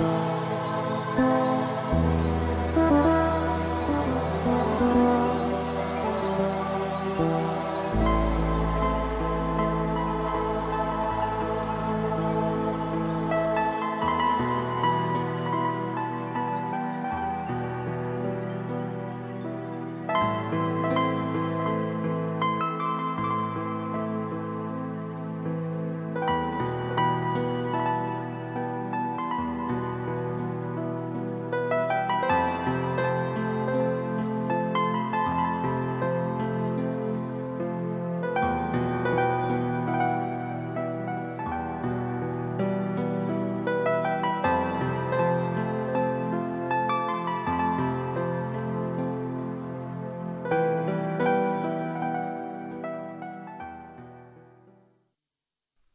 Bye.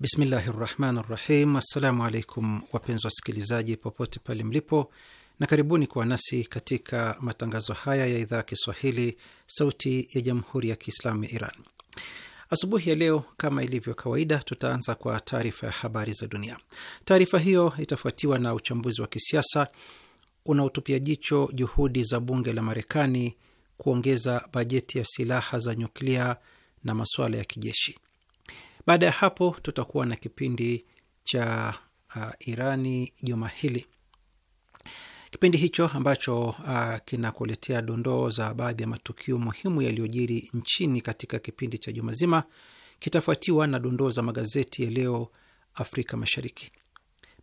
Bismillahi rahmani rahim. Assalamu alaikum wapenzi wasikilizaji popote pale mlipo, na karibuni kuwa nasi katika matangazo haya ya idhaa ya Kiswahili sauti ya jamhuri ya Kiislamu ya Iran. Asubuhi ya leo kama ilivyo kawaida, tutaanza kwa taarifa ya habari za dunia. Taarifa hiyo itafuatiwa na uchambuzi wa kisiasa unaotupia jicho juhudi za bunge la Marekani kuongeza bajeti ya silaha za nyuklia na masuala ya kijeshi. Baada ya hapo tutakuwa na kipindi cha uh, Irani juma hili. Kipindi hicho ambacho uh, kinakuletea dondoo za baadhi ya matukio muhimu yaliyojiri nchini katika kipindi cha juma zima kitafuatiwa na dondoo za magazeti ya leo Afrika Mashariki.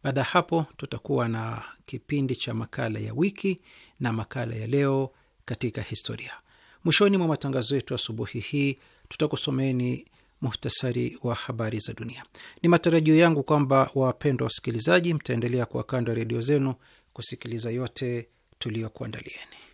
Baada ya hapo tutakuwa na kipindi cha makala ya wiki na makala ya leo katika historia. Mwishoni mwa matangazo yetu asubuhi hii tutakusomeni muhtasari wa habari za dunia. Ni matarajio yangu kwamba wapendwa wasikilizaji, mtaendelea kuwa kando ya redio zenu kusikiliza yote tuliyokuandalieni.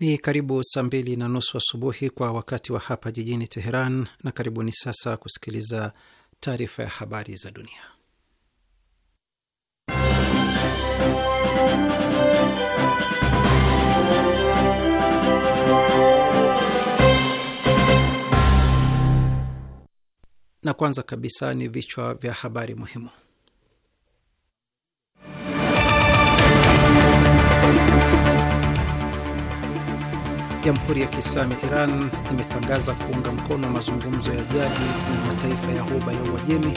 Ni karibu saa mbili na nusu asubuhi kwa wakati wa hapa jijini Teheran, na karibuni sasa kusikiliza taarifa ya habari za dunia. Na kwanza kabisa ni vichwa vya habari muhimu. Jamhuri ya Kiislamu ya Iran imetangaza kuunga mkono mazungumzo ya jadi na mataifa ya Ghuba ya Uajemi.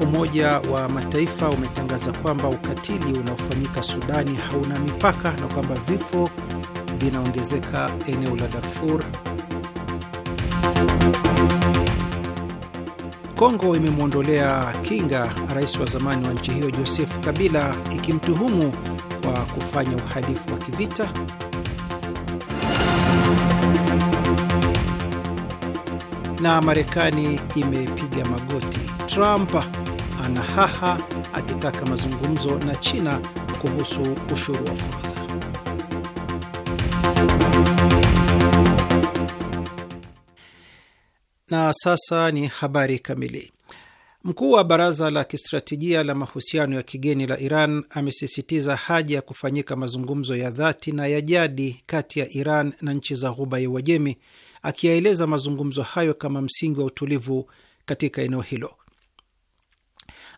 Umoja wa Mataifa umetangaza kwamba ukatili unaofanyika Sudani hauna mipaka na kwamba vifo vinaongezeka eneo la Darfur. Kongo imemwondolea kinga rais wa zamani wa nchi hiyo Joseph Kabila, ikimtuhumu kwa kufanya uhalifu wa kivita. Na Marekani imepiga magoti. Trump anahaha akitaka mazungumzo na China kuhusu ushuru wa furaha. Na sasa ni habari kamili. Mkuu wa baraza la kistratejia la mahusiano ya kigeni la Iran amesisitiza haja ya kufanyika mazungumzo ya dhati na ya jadi kati ya Iran na nchi za Ghuba ya Uajemi, akiyaeleza mazungumzo hayo kama msingi wa utulivu katika eneo hilo.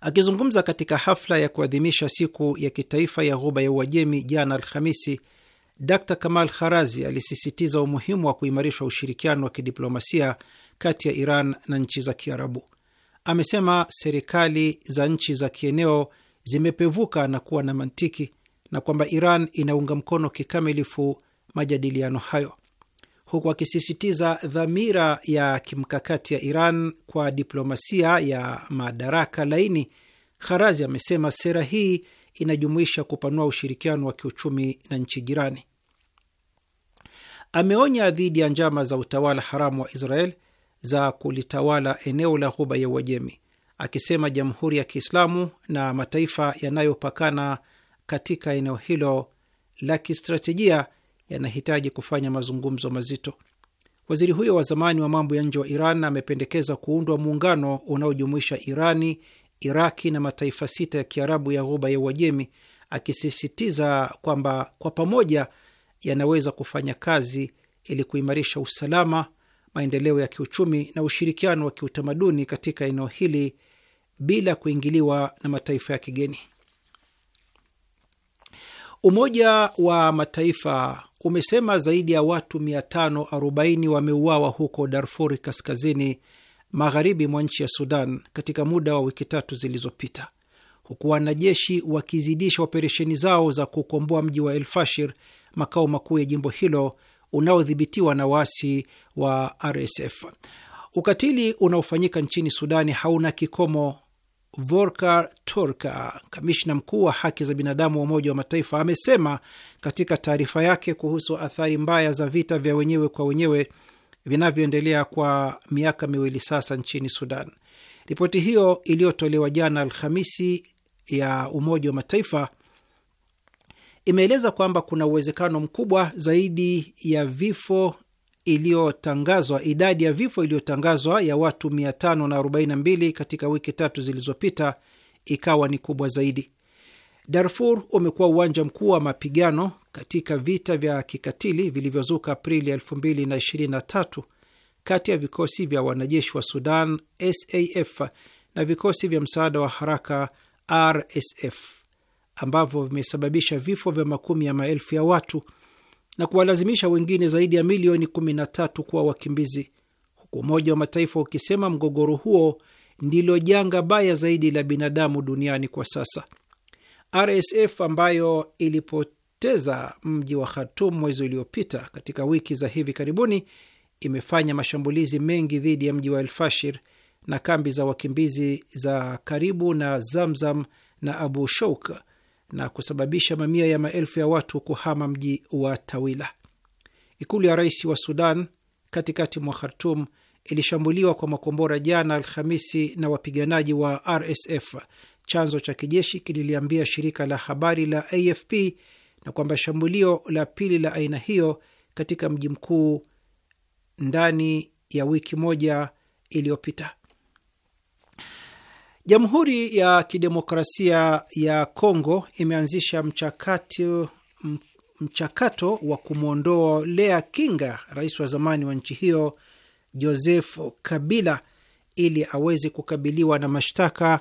Akizungumza katika hafla ya kuadhimisha siku ya kitaifa ya Ghuba ya Uajemi jana Alhamisi, Dr Kamal Kharazi alisisitiza umuhimu wa kuimarisha ushirikiano wa kidiplomasia kati ya Iran na nchi za Kiarabu. Amesema serikali za nchi za kieneo zimepevuka na kuwa na mantiki na kwamba Iran inaunga mkono kikamilifu majadiliano hayo, huku akisisitiza dhamira ya kimkakati ya Iran kwa diplomasia ya madaraka laini. Kharazi amesema sera hii inajumuisha kupanua ushirikiano wa kiuchumi na nchi jirani. Ameonya dhidi ya njama za utawala haramu wa Israel za kulitawala eneo la Ghuba ya Uajemi, akisema Jamhuri ya Kiislamu na mataifa yanayopakana katika eneo hilo la kistratejia yanahitaji kufanya mazungumzo mazito. Waziri huyo wa zamani wa mambo ya nje wa Iran amependekeza kuundwa muungano unaojumuisha Irani, Iraki na mataifa sita ya Kiarabu ya Ghuba ya Uajemi, akisisitiza kwamba kwa pamoja yanaweza kufanya kazi ili kuimarisha usalama, maendeleo ya kiuchumi na ushirikiano wa kiutamaduni katika eneo hili bila kuingiliwa na mataifa ya kigeni. Umoja wa Mataifa umesema zaidi ya watu 540 wameuawa huko Darfuri kaskazini magharibi mwa nchi ya Sudan katika muda wa wiki tatu zilizopita, huku wanajeshi wakizidisha operesheni zao za kukomboa mji wa El Fashir, makao makuu ya jimbo hilo, unaodhibitiwa na waasi wa RSF. Ukatili unaofanyika nchini Sudani hauna kikomo. Volker Turk, kamishna mkuu wa haki za binadamu wa Umoja wa Mataifa, amesema katika taarifa yake kuhusu athari mbaya za vita vya wenyewe kwa wenyewe vinavyoendelea kwa miaka miwili sasa nchini Sudan. Ripoti hiyo iliyotolewa jana Alhamisi ya Umoja wa Mataifa imeeleza kwamba kuna uwezekano mkubwa zaidi ya vifo iliyotangazwa idadi ya vifo iliyotangazwa ya watu 542 katika wiki tatu zilizopita ikawa ni kubwa zaidi. Darfur umekuwa uwanja mkuu wa mapigano katika vita vya kikatili vilivyozuka Aprili 2023 kati ya vikosi vya wanajeshi wa Sudan SAF na vikosi vya msaada wa haraka RSF ambavyo vimesababisha vifo vya makumi ya maelfu ya watu na kuwalazimisha wengine zaidi ya milioni 13 kuwa wakimbizi, huku Umoja wa Mataifa ukisema mgogoro huo ndilo janga baya zaidi la binadamu duniani kwa sasa. RSF ambayo ilipoteza mji wa Khartoum mwezi uliopita, katika wiki za hivi karibuni imefanya mashambulizi mengi dhidi ya mji wa Elfashir na kambi za wakimbizi za karibu na Zamzam na Abu Shouk na kusababisha mamia ya maelfu ya watu kuhama mji wa Tawila. Ikulu ya rais wa Sudan katikati mwa Khartum ilishambuliwa kwa makombora jana Alhamisi na wapiganaji wa RSF, chanzo cha kijeshi kililiambia shirika la habari la AFP, na kwamba shambulio la pili la aina hiyo katika mji mkuu ndani ya wiki moja iliyopita. Jamhuri ya Kidemokrasia ya Kongo imeanzisha mchakato mchakato wa kumwondolea kinga rais wa zamani wa nchi hiyo Joseph Kabila ili aweze kukabiliwa na mashtaka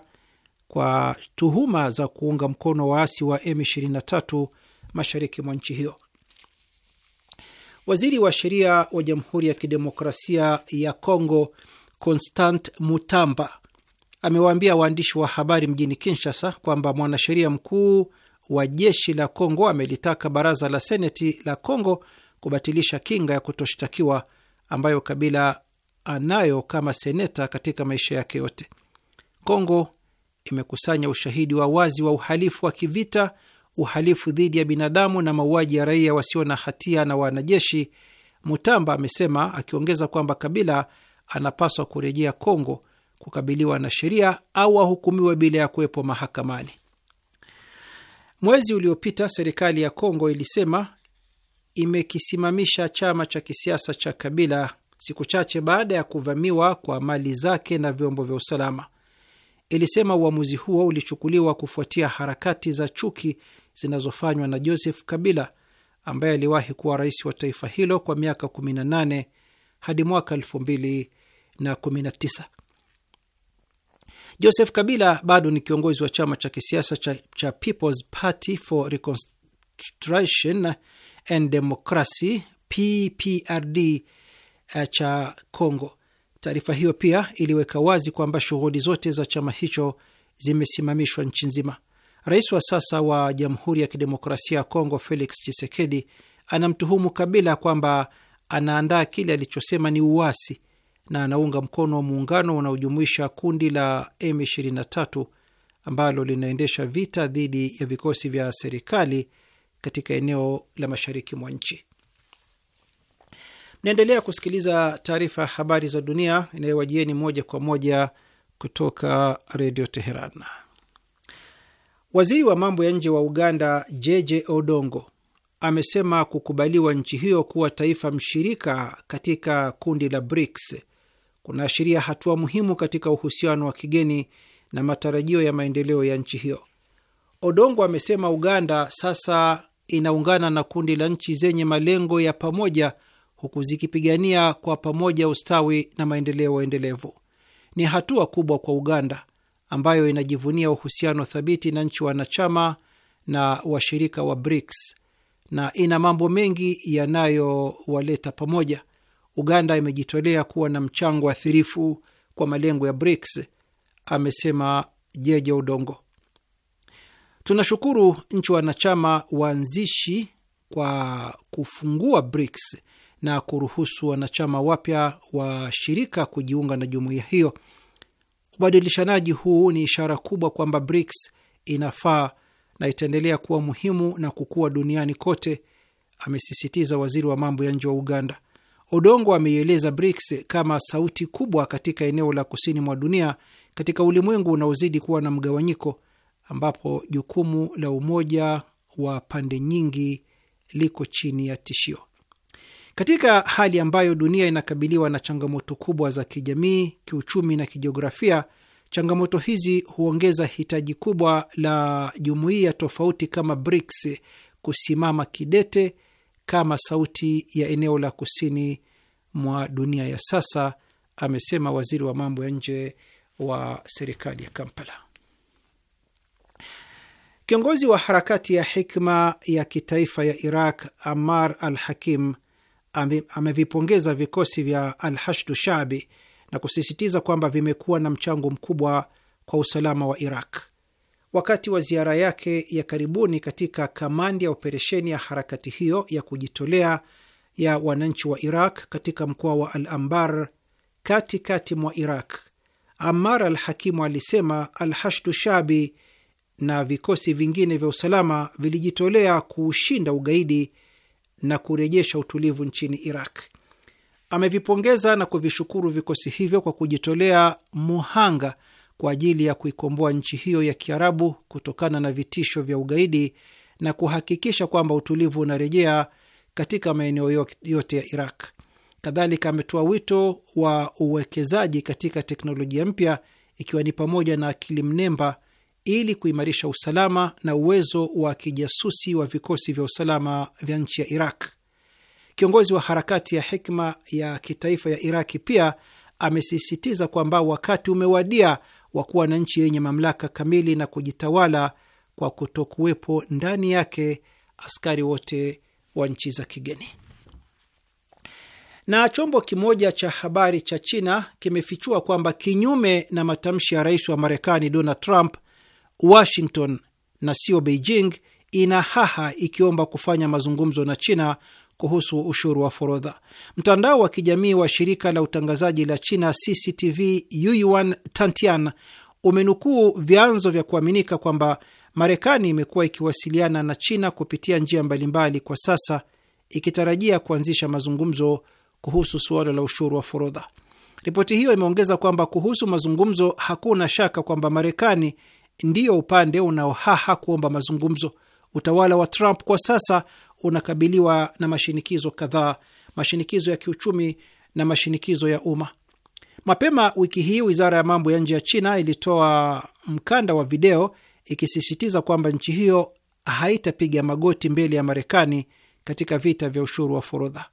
kwa tuhuma za kuunga mkono waasi wa M23 mashariki mwa nchi hiyo. Waziri wa sheria wa Jamhuri ya Kidemokrasia ya Kongo Constant Mutamba amewaambia waandishi wa habari mjini Kinshasa kwamba mwanasheria mkuu wa jeshi la Kongo amelitaka baraza la seneti la Kongo kubatilisha kinga ya kutoshtakiwa ambayo Kabila anayo kama seneta katika maisha yake yote. Kongo imekusanya ushahidi wa wazi wa uhalifu wa kivita, uhalifu dhidi ya binadamu na mauaji ya raia wasio na hatia na wanajeshi, Mutamba amesema, akiongeza kwamba Kabila anapaswa kurejea Kongo kukabiliwa na sheria au wahukumiwe bila ya kuwepo mahakamani. Mwezi uliopita serikali ya Kongo ilisema imekisimamisha chama cha kisiasa cha Kabila siku chache baada ya kuvamiwa kwa mali zake na vyombo vya usalama. Ilisema uamuzi huo ulichukuliwa kufuatia harakati za chuki zinazofanywa na Joseph Kabila ambaye aliwahi kuwa rais wa taifa hilo kwa miaka 18 hadi mwaka 2019. Joseph Kabila bado ni kiongozi wa chama cha kisiasa cha, cha People's Party for Reconstruction and Democracy PPRD eh, cha Congo. Taarifa hiyo pia iliweka wazi kwamba shughuli zote za chama hicho zimesimamishwa nchi nzima. Rais wa sasa wa Jamhuri ya Kidemokrasia ya Kongo Felix Tshisekedi anamtuhumu Kabila kwamba anaandaa kile alichosema ni uasi na anaunga mkono muungano unaojumuisha kundi la M23 ambalo linaendesha vita dhidi ya vikosi vya serikali katika eneo la mashariki mwa nchi. Mnaendelea kusikiliza taarifa ya habari za dunia inayowajieni moja kwa moja kutoka redio Teheran. Waziri wa mambo ya nje wa Uganda Jeje Odongo amesema kukubaliwa nchi hiyo kuwa taifa mshirika katika kundi la BRICS kunaashiria hatua muhimu katika uhusiano wa kigeni na matarajio ya maendeleo ya nchi hiyo. Odongo amesema Uganda sasa inaungana na kundi la nchi zenye malengo ya pamoja huku zikipigania kwa pamoja ustawi na maendeleo endelevu. Ni hatua kubwa kwa Uganda ambayo inajivunia uhusiano thabiti na nchi wanachama na washirika wa BRICS na ina mambo mengi yanayowaleta pamoja. Uganda imejitolea kuwa na mchango athirifu kwa malengo ya BRICS, amesema Jeje udongo Tunashukuru nchi wanachama waanzishi kwa kufungua BRICS na kuruhusu wanachama wapya wa shirika kujiunga na jumuiya hiyo. Ubadilishanaji huu ni ishara kubwa kwamba BRICS inafaa na itaendelea kuwa muhimu na kukua duniani kote, amesisitiza waziri wa mambo ya nje wa Uganda. Odongo ameieleza BRICS kama sauti kubwa katika eneo la kusini mwa dunia katika ulimwengu unaozidi kuwa na mgawanyiko, ambapo jukumu la umoja wa pande nyingi liko chini ya tishio. Katika hali ambayo dunia inakabiliwa na changamoto kubwa za kijamii, kiuchumi na kijiografia, changamoto hizi huongeza hitaji kubwa la jumuiya tofauti kama BRICS kusimama kidete kama sauti ya eneo la kusini mwa dunia ya sasa, amesema waziri wa mambo ya nje wa serikali ya Kampala. Kiongozi wa harakati ya Hikma ya kitaifa ya Iraq, Ammar al Hakim, amevipongeza vikosi vya al Hashdu Shabi na kusisitiza kwamba vimekuwa na mchango mkubwa kwa usalama wa Iraq wakati wa ziara yake ya karibuni katika kamandi ya operesheni ya harakati hiyo ya kujitolea ya wananchi wa Iraq katika mkoa wa Al Ambar katikati mwa Iraq, Ammar Al Hakimu alisema Al Hashdu Shabi na vikosi vingine vya usalama vilijitolea kuushinda ugaidi na kurejesha utulivu nchini Iraq. Amevipongeza na kuvishukuru vikosi hivyo kwa kujitolea muhanga kwa ajili ya kuikomboa nchi hiyo ya Kiarabu kutokana na vitisho vya ugaidi na kuhakikisha kwamba utulivu unarejea katika maeneo yote ya Iraq. Kadhalika, ametoa wito wa uwekezaji katika teknolojia mpya ikiwa ni pamoja na akili mnemba ili kuimarisha usalama na uwezo wa kijasusi wa vikosi vya usalama vya nchi ya Iraq. Kiongozi wa harakati ya Hikma ya kitaifa ya Iraki pia amesisitiza kwamba wakati umewadia wa kuwa na nchi yenye mamlaka kamili na kujitawala kwa kutokuwepo ndani yake askari wote wa nchi za kigeni. Na chombo kimoja cha habari cha China kimefichua kwamba kinyume na matamshi ya rais wa Marekani Donald Trump, Washington na sio Beijing ina haha ikiomba kufanya mazungumzo na China kuhusu ushuru wa forodha. Mtandao wa kijamii wa shirika la utangazaji la China CCTV Yuyuan Tantian umenukuu vyanzo vya kuaminika kwamba Marekani imekuwa ikiwasiliana na China kupitia njia mbalimbali kwa sasa, ikitarajia kuanzisha mazungumzo kuhusu suala la ushuru wa forodha. Ripoti hiyo imeongeza kwamba kuhusu mazungumzo, hakuna shaka kwamba Marekani ndiyo upande unaohaha kuomba mazungumzo. Utawala wa Trump kwa sasa unakabiliwa na mashinikizo kadhaa, mashinikizo ya kiuchumi na mashinikizo ya umma. Mapema wiki hii, wizara ya mambo ya nje ya China ilitoa mkanda wa video ikisisitiza kwamba nchi hiyo haitapiga magoti mbele ya Marekani katika vita vya ushuru wa forodha.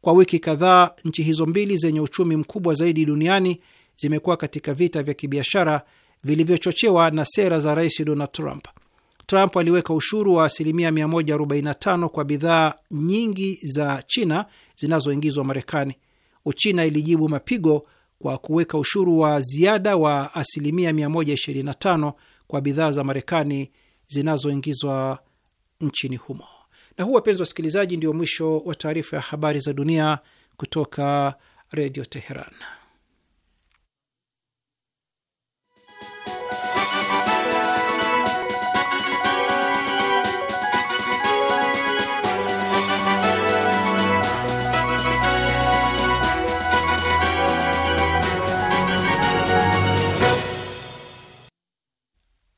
Kwa wiki kadhaa, nchi hizo mbili zenye uchumi mkubwa zaidi duniani zimekuwa katika vita vya kibiashara vilivyochochewa na sera za Rais Donald Trump Trump aliweka ushuru wa asilimia 145 kwa bidhaa nyingi za China zinazoingizwa Marekani. Uchina ilijibu mapigo kwa kuweka ushuru wa ziada wa asilimia 125 kwa bidhaa za Marekani zinazoingizwa nchini humo. Na huu, wapenzi wasikilizaji, ndio mwisho wa taarifa ya habari za dunia kutoka Redio Teheran.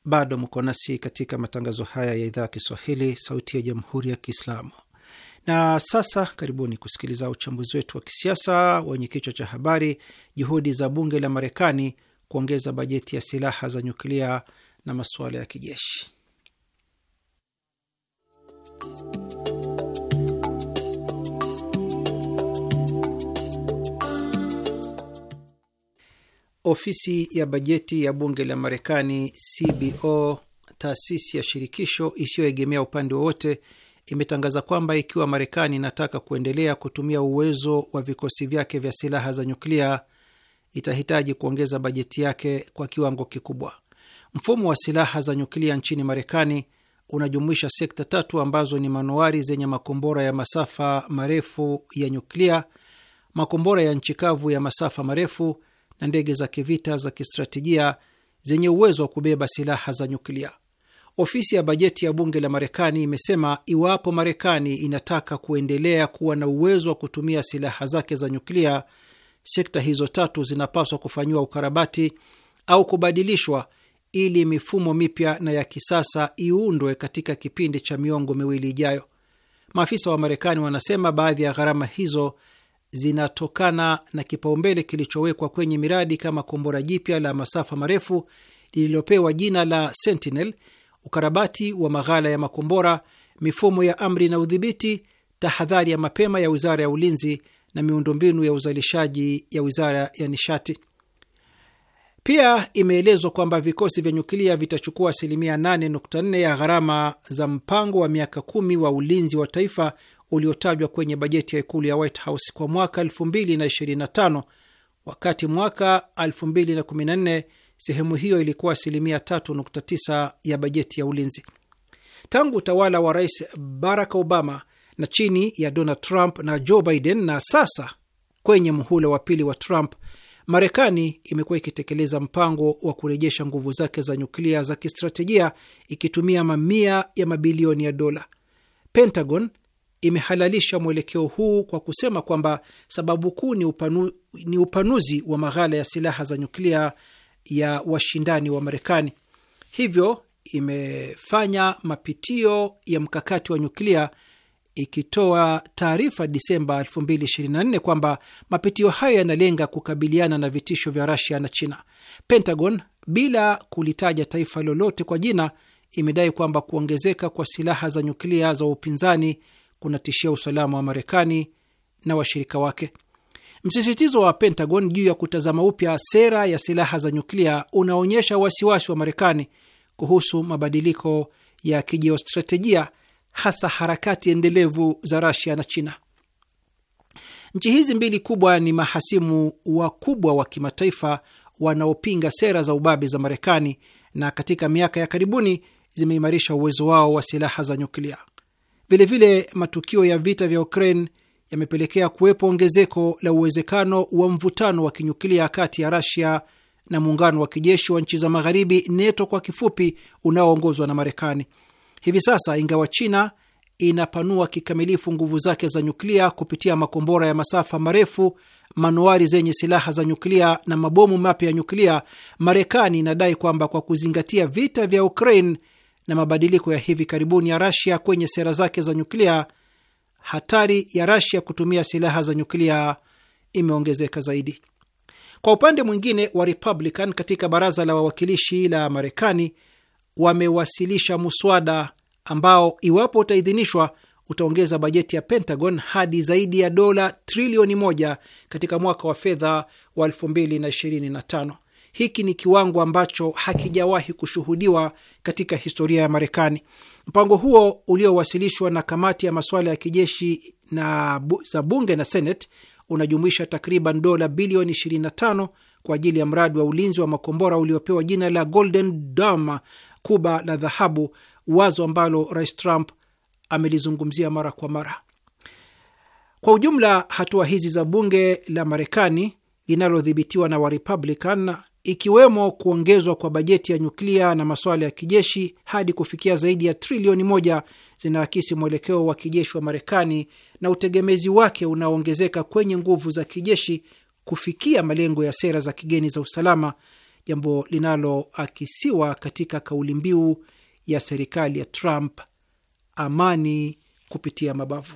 bado mko nasi katika matangazo haya ya idhaa ya Kiswahili, Sauti ya Jamhuri ya Kiislamu. Na sasa karibuni kusikiliza uchambuzi wetu wa kisiasa wenye kichwa cha habari, juhudi za bunge la Marekani kuongeza bajeti ya silaha za nyuklia na masuala ya kijeshi. Ofisi ya bajeti ya bunge la Marekani, CBO, taasisi ya shirikisho isiyoegemea upande wowote, imetangaza kwamba ikiwa Marekani inataka kuendelea kutumia uwezo wa vikosi vyake vya silaha za nyuklia itahitaji kuongeza bajeti yake kwa kiwango kikubwa. Mfumo wa silaha za nyuklia nchini Marekani unajumuisha sekta tatu ambazo ni manowari zenye makombora ya masafa marefu ya nyuklia, makombora ya nchi kavu ya masafa marefu na ndege za kivita za kistratejia zenye uwezo wa kubeba silaha za nyuklia. Ofisi ya bajeti ya bunge la Marekani imesema iwapo Marekani inataka kuendelea kuwa na uwezo wa kutumia silaha zake za nyuklia, sekta hizo tatu zinapaswa kufanyiwa ukarabati au kubadilishwa ili mifumo mipya na ya kisasa iundwe katika kipindi cha miongo miwili ijayo. Maafisa wa Marekani wanasema baadhi ya gharama hizo zinatokana na kipaumbele kilichowekwa kwenye miradi kama kombora jipya la masafa marefu lililopewa jina la Sentinel, ukarabati wa maghala ya makombora, mifumo ya amri na udhibiti, tahadhari ya mapema ya wizara ya ulinzi na miundombinu ya uzalishaji ya wizara ya nishati. Pia imeelezwa kwamba vikosi vya nyuklia vitachukua asilimia 8.4 ya gharama za mpango wa miaka kumi wa ulinzi wa taifa uliotajwa kwenye bajeti ya ikulu ya White House kwa mwaka 2025 wakati mwaka 2014 sehemu hiyo ilikuwa asilimia 3.9 ya bajeti ya ulinzi. Tangu utawala wa Rais Barack Obama na chini ya Donald Trump na Joe Biden na sasa kwenye mhula wa pili wa Trump, Marekani imekuwa ikitekeleza mpango wa kurejesha nguvu zake za nyuklia za kistratejia ikitumia mamia ya mabilioni ya dola. Pentagon imehalalisha mwelekeo huu kwa kusema kwamba sababu kuu ni, upanu, ni upanuzi wa maghala ya silaha za nyuklia ya washindani wa Marekani. Hivyo imefanya mapitio ya mkakati wa nyuklia ikitoa taarifa Disemba 2024 kwamba mapitio hayo yanalenga kukabiliana na vitisho vya Rusia na China. Pentagon, bila kulitaja taifa lolote kwa jina, imedai kwamba kuongezeka kwa silaha za nyuklia za upinzani kunatishia usalama wa Marekani na washirika wake. Msisitizo wa Pentagon juu ya kutazama upya sera ya silaha za nyuklia unaonyesha wasiwasi wa Marekani kuhusu mabadiliko ya kijiostrategia, hasa harakati endelevu za Rasia na China. Nchi hizi mbili kubwa ni mahasimu wakubwa wa, wa kimataifa wanaopinga sera za ubabe za Marekani na katika miaka ya karibuni zimeimarisha uwezo wao wa silaha za nyuklia. Vilevile, matukio ya vita vya Ukraine yamepelekea kuwepo ongezeko la uwezekano wa mvutano wa kinyuklia kati ya Rasia na muungano wa kijeshi wa nchi za magharibi NATO kwa kifupi, unaoongozwa na Marekani. Hivi sasa, ingawa China inapanua kikamilifu nguvu zake za nyuklia kupitia makombora ya masafa marefu, manuari zenye silaha za nyuklia na mabomu mapya ya nyuklia, Marekani inadai kwamba kwa kuzingatia vita vya Ukraine na mabadiliko ya hivi karibuni ya Rasia kwenye sera zake za nyuklia, hatari ya Rasia kutumia silaha za nyuklia imeongezeka zaidi. Kwa upande mwingine, wa Republican katika baraza la wawakilishi la Marekani wamewasilisha muswada ambao iwapo utaidhinishwa utaongeza bajeti ya Pentagon hadi zaidi ya dola trilioni moja katika mwaka wa fedha wa 2025. Hiki ni kiwango ambacho hakijawahi kushuhudiwa katika historia ya Marekani. Mpango huo uliowasilishwa na kamati ya masuala ya kijeshi na za bunge na Senate unajumuisha takriban dola bilioni 25 kwa ajili ya mradi wa ulinzi wa makombora uliopewa jina la Golden Dome, kuba la dhahabu, wazo ambalo Rais Trump amelizungumzia mara kwa mara. Kwa ujumla, hatua hizi za bunge la Marekani linalodhibitiwa na Warepublican ikiwemo kuongezwa kwa bajeti ya nyuklia na masuala ya kijeshi hadi kufikia zaidi ya trilioni moja zinaakisi mwelekeo wa kijeshi wa Marekani na utegemezi wake unaoongezeka kwenye nguvu za kijeshi kufikia malengo ya sera za kigeni za usalama, jambo linaloakisiwa katika kauli mbiu ya serikali ya Trump, amani kupitia mabavu.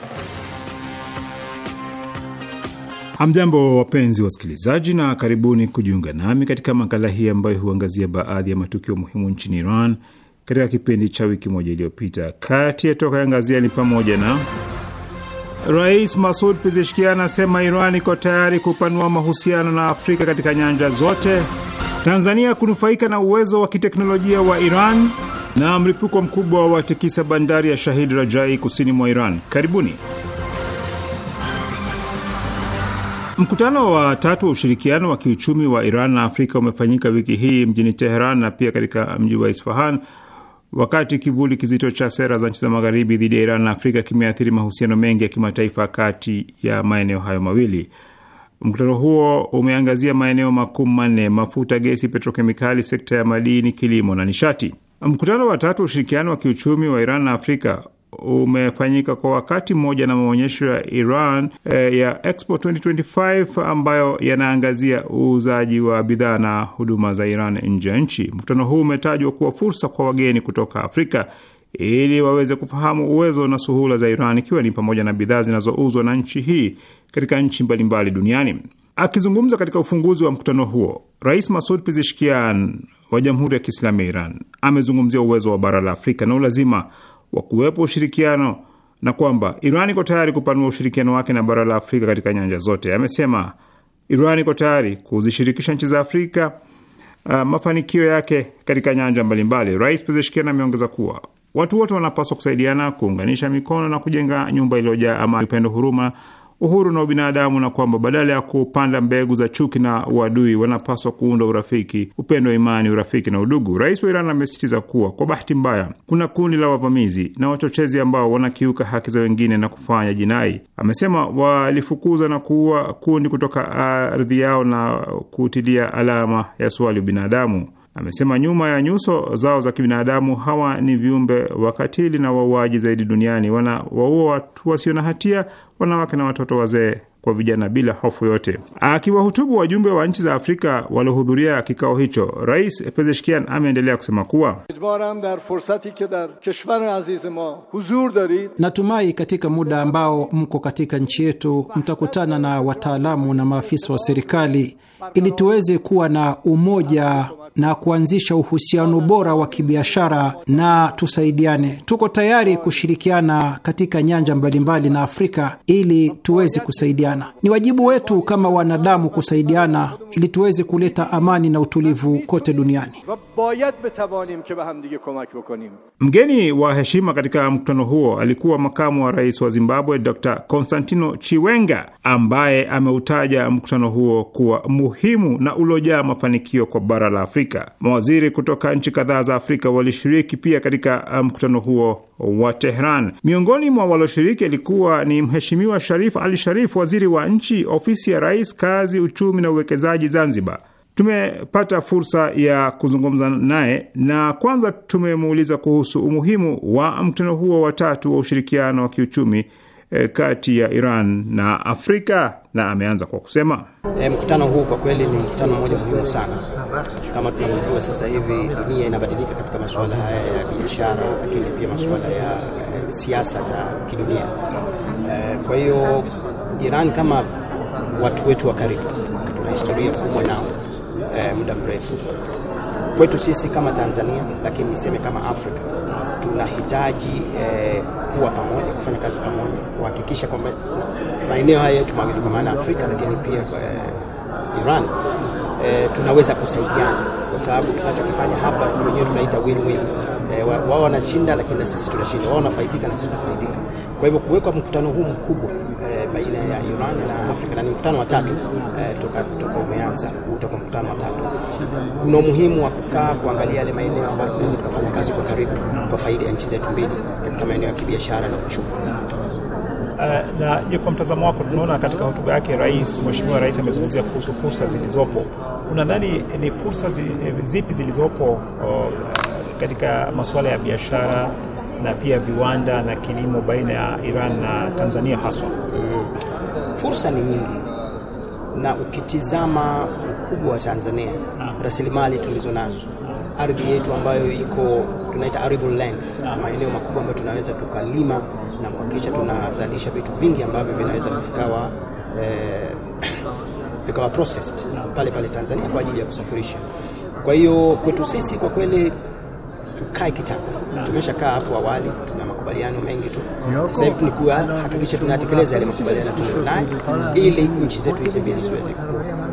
Hamjambo, wapenzi wasikilizaji, na karibuni kujiunga nami katika makala hii ambayo huangazia baadhi ya matukio muhimu nchini Iran katika kipindi cha wiki moja iliyopita. Kati ya toka ni pamoja na Rais Masud Pezeshkian anasema Iran iko tayari kupanua mahusiano na Afrika katika nyanja zote, Tanzania kunufaika na uwezo wa kiteknolojia wa Iran na mlipuko mkubwa wa tikisa bandari ya Shahid Rajai kusini mwa Iran. Karibuni. Mkutano wa tatu wa ushirikiano wa kiuchumi wa Iran na Afrika umefanyika wiki hii mjini Teheran na pia katika mji wa Isfahan, wakati kivuli kizito cha sera za nchi za magharibi dhidi ya Iran na Afrika kimeathiri mahusiano mengi ya kimataifa kati ya maeneo hayo mawili. Mkutano huo umeangazia maeneo makuu manne: mafuta, gesi, petrokemikali, sekta ya madini, kilimo na nishati. Mkutano wa tatu wa ushirikiano wa kiuchumi wa Iran na Afrika umefanyika kwa wakati mmoja na maonyesho ya Iran eh, ya Expo 2025 ambayo yanaangazia uuzaji wa bidhaa na huduma za Iran nje ya nchi. Mkutano huu umetajwa kuwa fursa kwa wageni kutoka Afrika ili waweze kufahamu uwezo na suhula za Iran, ikiwa ni pamoja na bidhaa zinazouzwa na nchi hii katika nchi mbalimbali duniani. Akizungumza katika ufunguzi wa mkutano huo, Rais Masud pizishkian wa Jamhuri ya Kiislamu ya Iran amezungumzia uwezo wa bara la Afrika na ulazima wa kuwepo ushirikiano na kwamba Iran iko tayari kupanua ushirikiano wake na bara la Afrika katika nyanja zote. Amesema Iran iko tayari kuzishirikisha nchi za Afrika uh, mafanikio yake katika nyanja mbalimbali. Rais Pezeshkian ameongeza kuwa watu wote wanapaswa kusaidiana, kuunganisha mikono na kujenga nyumba iliyojaa amani, upendo, huruma uhuru na ubinadamu, na kwamba badala ya kupanda mbegu za chuki na uadui wanapaswa kuunda urafiki, upendo wa imani, urafiki na udugu. Rais wa Iran amesisitiza kuwa kwa bahati mbaya kuna kundi la wavamizi na wachochezi ambao wanakiuka haki za wengine na kufanya jinai. Amesema walifukuza na kuua kundi kutoka uh, ardhi yao na kutilia alama ya swali ubinadamu. Amesema nyuma ya nyuso zao za kibinadamu hawa ni viumbe wakatili na wauaji zaidi duniani. Wana waua watu wasio na hatia, wanawake na watoto, wazee kwa vijana, bila hofu yote. Akiwahutubu wajumbe wa nchi za Afrika waliohudhuria kikao hicho, Rais Pezeshkian ameendelea kusema kuwa natumai katika muda ambao mko katika nchi yetu mtakutana na wataalamu na maafisa wa serikali ili tuweze kuwa na umoja na kuanzisha uhusiano bora wa kibiashara na tusaidiane. Tuko tayari kushirikiana katika nyanja mbalimbali na Afrika ili tuweze kusaidiana. Ni wajibu wetu kama wanadamu kusaidiana ili tuweze kuleta amani na utulivu kote duniani. Mgeni wa heshima katika mkutano huo alikuwa makamu wa rais wa Zimbabwe Dr. Constantino Chiwenga ambaye ameutaja mkutano huo kuwa muhu muhimu na uliojaa mafanikio kwa bara la Afrika. Mawaziri kutoka nchi kadhaa za Afrika walishiriki pia katika um, mkutano huo wa Tehran. Miongoni mwa walioshiriki alikuwa ni Mheshimiwa Sharif Ali Sharif, waziri wa nchi ofisi ya rais, kazi, uchumi na uwekezaji Zanzibar. Tumepata fursa ya kuzungumza naye na kwanza tumemuuliza kuhusu umuhimu wa mkutano huo wa tatu wa ushirikiano wa kiuchumi Eh, kati ya Iran na Afrika, na ameanza kwa kusema e, mkutano huu kwa kweli ni mkutano mmoja muhimu sana. Kama tunavyojua sasa hivi dunia inabadilika katika masuala haya ya biashara, lakini pia masuala ya e, siasa za kidunia e, kwa hiyo Iran kama watu wetu wa karibu, tuna historia kubwa nao e, muda mrefu kwetu sisi kama Tanzania, lakini niseme kama Afrika tunahitaji eh, kuwa pamoja, kufanya kazi pamoja, kuhakikisha kwamba maeneo haya yetu mawili kwa maana Afrika lakini pia eh, Iran eh, tunaweza kusaidiana, kwa sababu tunachokifanya hapa wenyewe tunaita win-win. Eh, wao wa wanashinda lakini na sisi tunashinda, wao wanafaidika na sisi tunafaidika. Kwa hivyo kuwekwa mkutano huu mkubwa eh, baina ya Iran na Afrika na ni mkutano wa tatu eh, toka, toka umeanza utakuwa mkutano wa tatu, kuna umuhimu wa kukaa kuangalia yale maeneo ambayo tunaweza kufanya kazi kwa karibu kwa faida ya nchi zetu mbili katika maeneo ya kibiashara na uchumi. Uh, na je, kwa mtazamo wako tunaona katika hotuba yake rais, Mheshimiwa Rais amezungumzia kuhusu fursa zilizopo. Unadhani ni fursa zi, zipi zilizopo uh, katika masuala ya biashara na pia viwanda na kilimo baina ya Iran na Tanzania haswa? Mm. Fursa ni nyingi na ukitizama ukubwa wa Tanzania, ah. rasilimali tulizo nazo ardhi yetu ambayo iko tunaita arable land, maeneo makubwa ambayo tunaweza tukalima na kuhakikisha tunazalisha vitu vingi ambavyo vinaweza vikawa eh, vikawa processed pale pale Tanzania kwa ajili ya kusafirisha. Kwa hiyo kwetu sisi kwa kweli tukae kitako, tumeshakaa hapo awali makubaliano mengi tu. Sasa hivi ni kuhakikisha tunatekeleza yale makubaliano tu ili nchi zetu hizi mbili ziweze.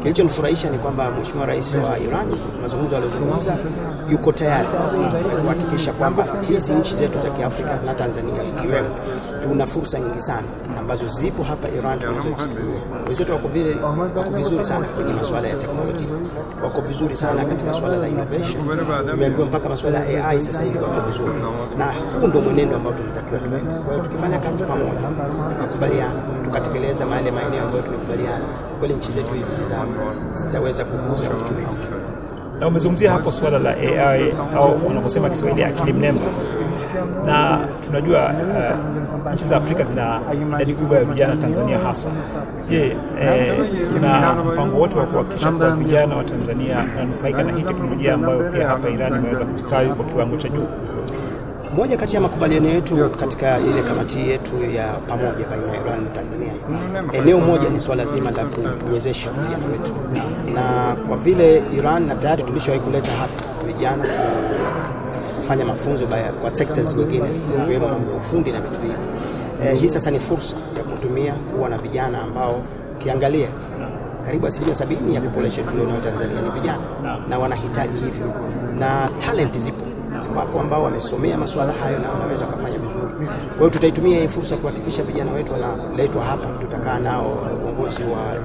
Kilichonifurahisha ni kwamba Mheshimiwa Rais wa Iran, mazungumzo aliyozungumza, yuko tayari kuhakikisha kwamba hizi nchi zetu za Kiafrika na Tanzania ikiwemo, tuna fursa nyingi sana ambazo zipo hapa Iran tunaweza kuzitumia. Wenzetu wako vile wako vizuri sana kwenye masuala ya teknolojia, wako vizuri sana katika swala la innovation. Tumeambiwa mpaka masuala ya AI sasa hivi wako vizuri, na huu ndo mwenendo ambao tunatakiwa tuende. Kwa hiyo tukifanya kazi pamoja, tukakubaliana, tukatekeleza yale maeneo ambayo tumekubaliana, kweli nchi zetu hizi zitaweza kukuza uchumi wake. Na umezungumzia hapo swala la AI au unaposema Kiswahili akili mnemba na tunajua uh, nchi za Afrika zina idadi kubwa ya vijana, Tanzania hasa. Je, eh, kuna mpango wote wa kuhakikisha kuwa vijana wa Tanzania wananufaika na hii teknolojia ambayo pia hapa Iran imeweza kustawi kwa kiwango cha juu? Moja kati ya makubaliano yetu katika ile kamati yetu ya pamoja baina ya Iran na Tanzania, eneo moja ni swala zima la kuwezesha vijana wetu, na kwa vile Iran na tayari tulishawahi kuleta hapa vijana kufanya mafunzo baya kwa sectors nyingine ikiwemo ufundi na vitu hivi. Eh, hii sasa ni fursa ya kutumia kuwa na vijana ambao ukiangalia karibu asilimia sabini ya population tulionayo Tanzania ni vijana na wanahitaji hivyo, na talent zipo, wapo ambao wamesomea masuala hayo na wanaweza kufanya vizuri. Kwa hiyo tutaitumia hii fursa kuhakikisha vijana wetu wanaletwa hapa, tutakaa nao uongozi wa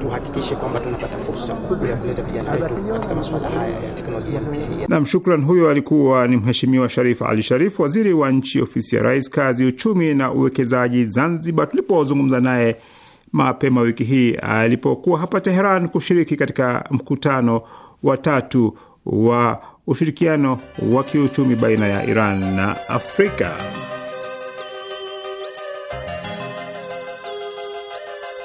tuhakikishe kwamba tunapata fursa kubwa ya kuleta vijana wetu katika masuala haya ya teknolojia mpya. Nam, shukran. Huyo alikuwa ni Mheshimiwa Sharif Ali Sharif, waziri wa nchi ofisi ya Rais, kazi, uchumi na uwekezaji Zanzibar, tulipozungumza naye mapema wiki hii alipokuwa hapa Teheran kushiriki katika mkutano wa tatu wa ushirikiano wa kiuchumi baina ya Iran na Afrika.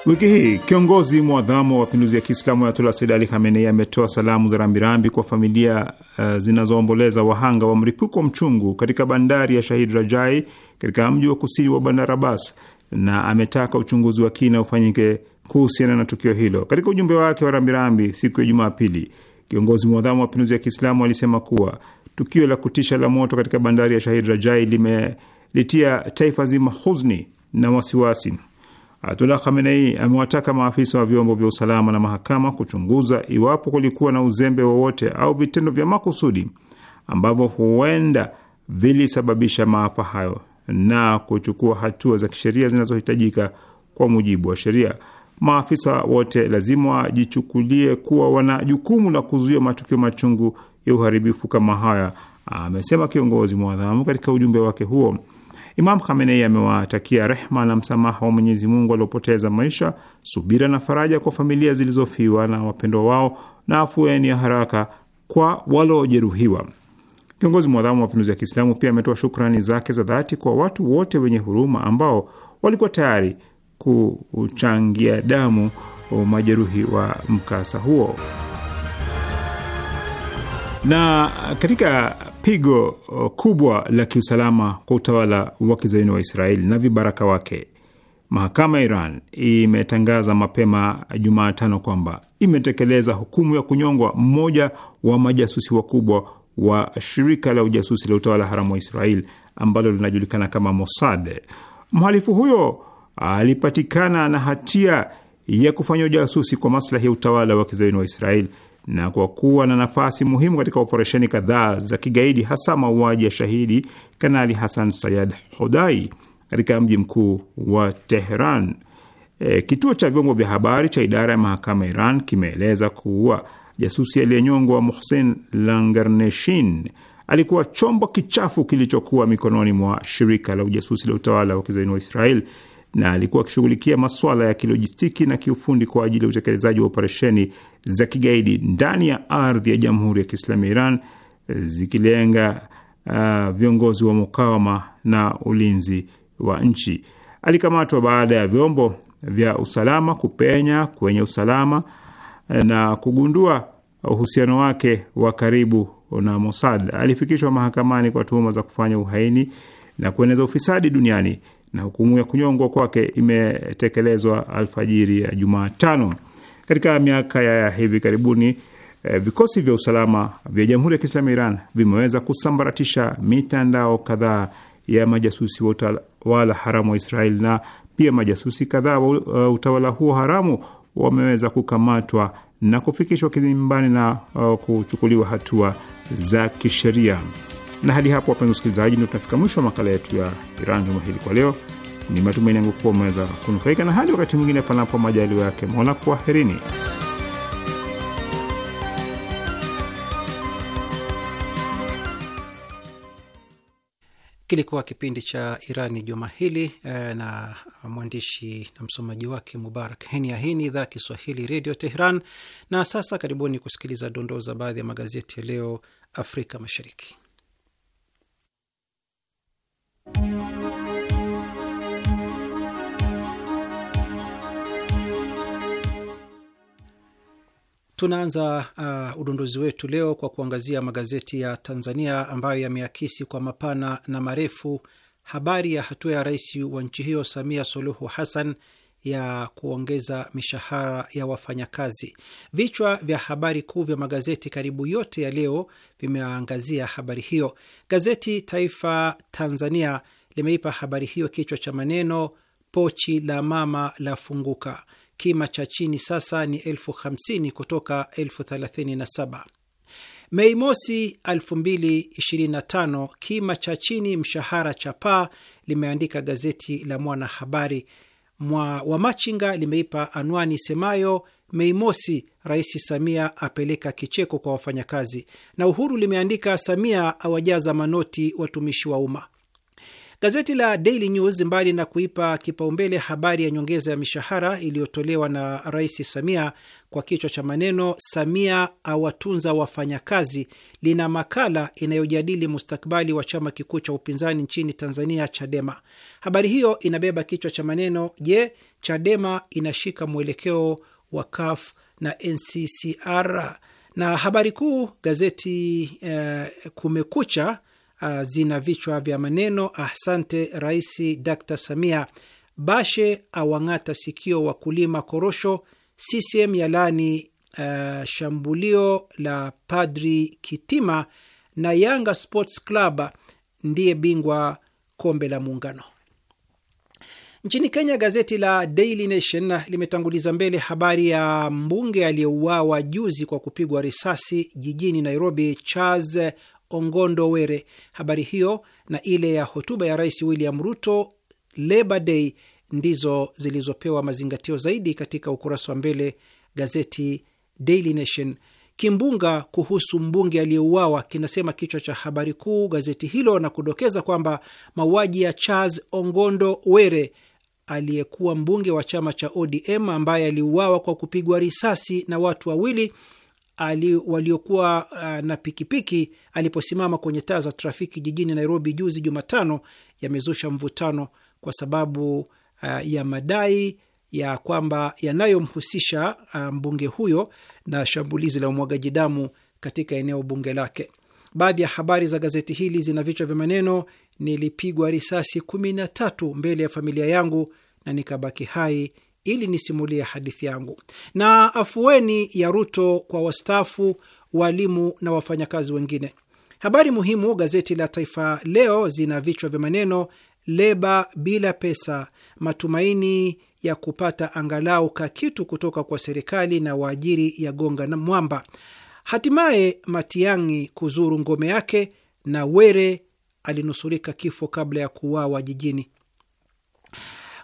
Wiki hii kiongozi mwadhamu wa mapinduzi ya Kiislamu Ayatullah Said Ali Khamenei ametoa salamu za rambirambi kwa familia uh, zinazoomboleza wahanga wa mripuko mchungu katika bandari ya Shahid Rajai katika mji wa kusini wa Bandar Abbas, na ametaka uchunguzi wa kina ufanyike kuhusiana na tukio hilo. Katika ujumbe wake wa rambirambi siku ya Jumapili, kiongozi mwadhamu wa mapinduzi ya Kiislamu alisema kuwa tukio la kutisha la moto katika bandari ya Shahid Rajai limelitia taifa zima huzuni na wasiwasi wasi. Ayatullah Khamenei amewataka maafisa wa vyombo vya usalama na mahakama kuchunguza iwapo kulikuwa na uzembe wowote au vitendo vya makusudi ambavyo huenda vilisababisha maafa hayo na kuchukua hatua za kisheria zinazohitajika kwa mujibu wa sheria. Maafisa wote lazima wajichukulie kuwa wana jukumu la kuzuia matukio machungu ya uharibifu kama haya, amesema kiongozi mwadhamu katika ujumbe wake huo Imam Khamenei amewatakia rehma na msamaha wa Mwenyezi Mungu waliopoteza maisha, subira na faraja kwa familia zilizofiwa na wapendwa wao, na afueni ya haraka kwa waliojeruhiwa. Kiongozi mwadhamu wa mapinduzi ya Kiislamu pia ametoa shukrani zake za dhati kwa watu wote wenye huruma ambao walikuwa tayari kuchangia damu majeruhi wa mkasa huo. Na katika pigo kubwa la kiusalama kwa utawala wa kizayuni wa Israeli na vibaraka wake. Mahakama ya Iran imetangaza mapema Jumatano kwamba imetekeleza hukumu ya kunyongwa mmoja wa majasusi wakubwa wa shirika la ujasusi la utawala haramu wa Israel ambalo linajulikana kama Mossad. Mhalifu huyo alipatikana na hatia ya kufanya ujasusi kwa maslahi ya utawala wa kizayuni wa Israel na kwa kuwa na nafasi muhimu katika operesheni kadhaa za kigaidi, hasa mauaji ya shahidi Kanali Hasan Sayad hudai katika mji mkuu wa Tehran. E, kituo cha vyombo vya habari cha idara ya mahakama Iran kimeeleza kuwa jasusi aliyenyongwa Mohsen Langarneshin alikuwa chombo kichafu kilichokuwa mikononi mwa shirika la ujasusi la utawala wa kizayuni wa Israel na alikuwa akishughulikia masuala ya kilojistiki na kiufundi kwa ajili ya utekelezaji wa operesheni za kigaidi ndani ya ardhi ya Jamhuri ya Kiislamu ya Iran zikilenga uh, viongozi wa mukawama na ulinzi wa nchi. Alikamatwa baada ya vyombo vya usalama kupenya kwenye usalama uh, na kugundua uhusiano wake wa karibu na Mossad. Alifikishwa mahakamani kwa tuhuma za kufanya uhaini na kueneza ufisadi duniani na hukumu ya kunyongwa kwake imetekelezwa alfajiri ya Jumatano. Katika miaka ya hivi karibuni eh, vikosi vya usalama vya Jamhuri ya Kiislamu ya Iran vimeweza kusambaratisha mitandao kadhaa ya majasusi wa utawala haramu wa Israeli na pia majasusi kadhaa wa eh, utawala huo haramu wameweza kukamatwa na kufikishwa kizimbani na eh, kuchukuliwa hatua za kisheria. Na hadi hapo, wapenzi wasikilizaji, ndio tunafika mwisho wa makala yetu ya Iran juma hili kwa leo. Ni matumaini yangu kuwa umeweza kunufaika, na hadi wakati mwingine, panapo majaliwa yake Mola, kwaherini. Kilikuwa kipindi cha Irani juma hili eh, na mwandishi na msomaji wake Mubarak Henia. Hii ni idhaa Kiswahili Redio Teheran. Na sasa karibuni kusikiliza dondoo za baadhi ya magazeti ya leo Afrika Mashariki. Tunaanza uh, udondozi wetu leo kwa kuangazia magazeti ya Tanzania ambayo yameakisi kwa mapana na marefu habari ya hatua ya rais wa nchi hiyo Samia Suluhu Hassan ya kuongeza mishahara ya wafanyakazi. Vichwa vya habari kuu vya magazeti karibu yote ya leo vimeangazia habari hiyo. Gazeti Taifa Tanzania limeipa habari hiyo kichwa cha maneno, pochi la mama la funguka kima cha chini sasa ni elfu hamsini kutoka elfu thelathini na saba Mei Mosi 2025 kima cha chini mshahara cha paa, limeandika gazeti la Mwanahabari. Mwa machinga limeipa anwani semayo Mei Mosi, Rais Samia apeleka kicheko kwa wafanyakazi, na Uhuru limeandika Samia awajaza manoti watumishi wa umma. Gazeti la Daily News, mbali na kuipa kipaumbele habari ya nyongeza ya mishahara iliyotolewa na Rais Samia kwa kichwa cha maneno Samia awatunza wafanyakazi, lina makala inayojadili mustakabali wa chama kikuu cha upinzani nchini Tanzania, Chadema. Habari hiyo inabeba kichwa cha maneno Je, Chadema inashika mwelekeo wa CAF na NCCR. Na habari kuu gazeti uh, Kumekucha uh, zina vichwa vya maneno: asante Rais Dr Samia, Bashe awang'ata sikio wakulima korosho, CCM yalani uh, eh, shambulio la Padri Kitima, na Yanga Sports Club ndiye bingwa kombe la Muungano. Nchini Kenya, gazeti la Daily Nation limetanguliza mbele habari ya mbunge aliyeuawa juzi kwa kupigwa risasi jijini Nairobi, Charles Ongondo Were. Habari hiyo na ile ya hotuba ya Rais William Ruto Labor Day ndizo zilizopewa mazingatio zaidi katika ukurasa wa mbele gazeti Daily Nation. Kimbunga kuhusu mbunge aliyeuawa kinasema kichwa cha habari kuu gazeti hilo, na kudokeza kwamba mauaji ya Charles Ongondo Were aliyekuwa mbunge wa chama cha ODM ambaye aliuawa kwa kupigwa risasi na watu wawili waliokuwa uh, na pikipiki aliposimama kwenye taa za trafiki jijini Nairobi juzi Jumatano yamezusha mvutano kwa sababu uh, ya madai ya kwamba yanayomhusisha uh, mbunge huyo na shambulizi la umwagaji damu katika eneo bunge lake. Baadhi ya habari za gazeti hili zina vichwa vya maneno: nilipigwa risasi kumi na tatu mbele ya familia yangu na nikabaki hai ili nisimulie hadithi yangu. Na afueni ya Ruto kwa wastaafu, walimu na wafanyakazi wengine. Habari muhimu gazeti la Taifa Leo zina vichwa vya maneno: leba bila pesa, matumaini ya kupata angalau kakitu kutoka kwa serikali, na waajiri ya gonga na mwamba, hatimaye Matiang'i kuzuru ngome yake, na Were alinusurika kifo kabla ya kuuawa jijini.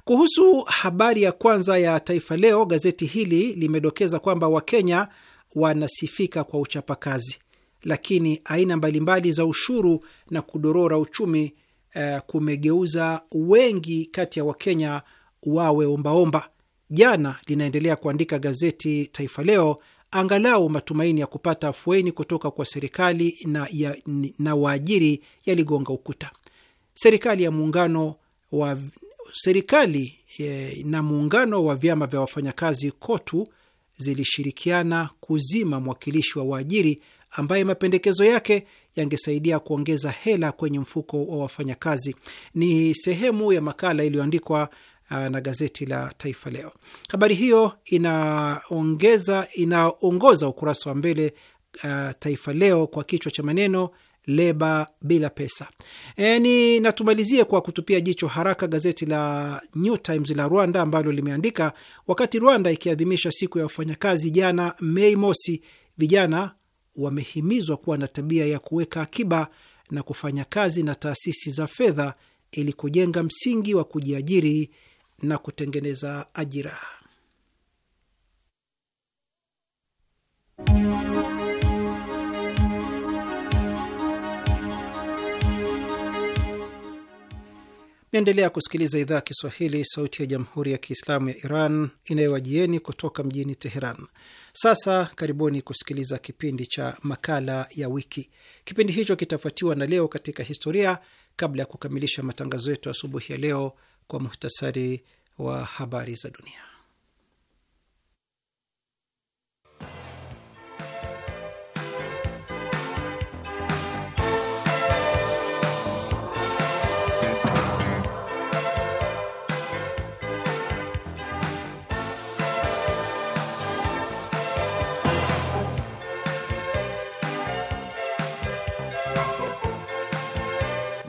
Kuhusu habari ya kwanza ya Taifa Leo, gazeti hili limedokeza kwamba Wakenya wanasifika kwa uchapakazi, lakini aina mbalimbali za ushuru na kudorora uchumi eh, kumegeuza wengi kati ya Wakenya wawe ombaomba. Jana linaendelea kuandika gazeti Taifa Leo angalau matumaini ya kupata afueni kutoka kwa serikali na, ya, na waajiri yaligonga ukuta. Serikali ya muungano wa serikali eh, na muungano wa vyama vya wafanyakazi KOTU zilishirikiana kuzima mwakilishi wa waajiri ambaye mapendekezo yake yangesaidia kuongeza hela kwenye mfuko wa wafanyakazi. Ni sehemu ya makala iliyoandikwa Uh, na gazeti la Taifa Leo. Habari hiyo inaongeza inaongoza ukurasa wa mbele uh, Taifa Leo kwa kichwa cha maneno leba bila pesa. E, ni natumalizie kwa kutupia jicho haraka gazeti la New Times la Rwanda ambalo limeandika wakati Rwanda ikiadhimisha siku ya wafanyakazi jana Mei Mosi, vijana wamehimizwa kuwa na tabia ya kuweka akiba na kufanya kazi na taasisi za fedha ili kujenga msingi wa kujiajiri na kutengeneza ajira. Naendelea kusikiliza idhaa ya Kiswahili, sauti ya jamhuri ya kiislamu ya Iran inayowajieni kutoka mjini Teheran. Sasa karibuni kusikiliza kipindi cha makala ya wiki. Kipindi hicho kitafuatiwa na leo katika historia, kabla ya kukamilisha matangazo yetu asubuhi ya leo kwa muhtasari wa habari za dunia.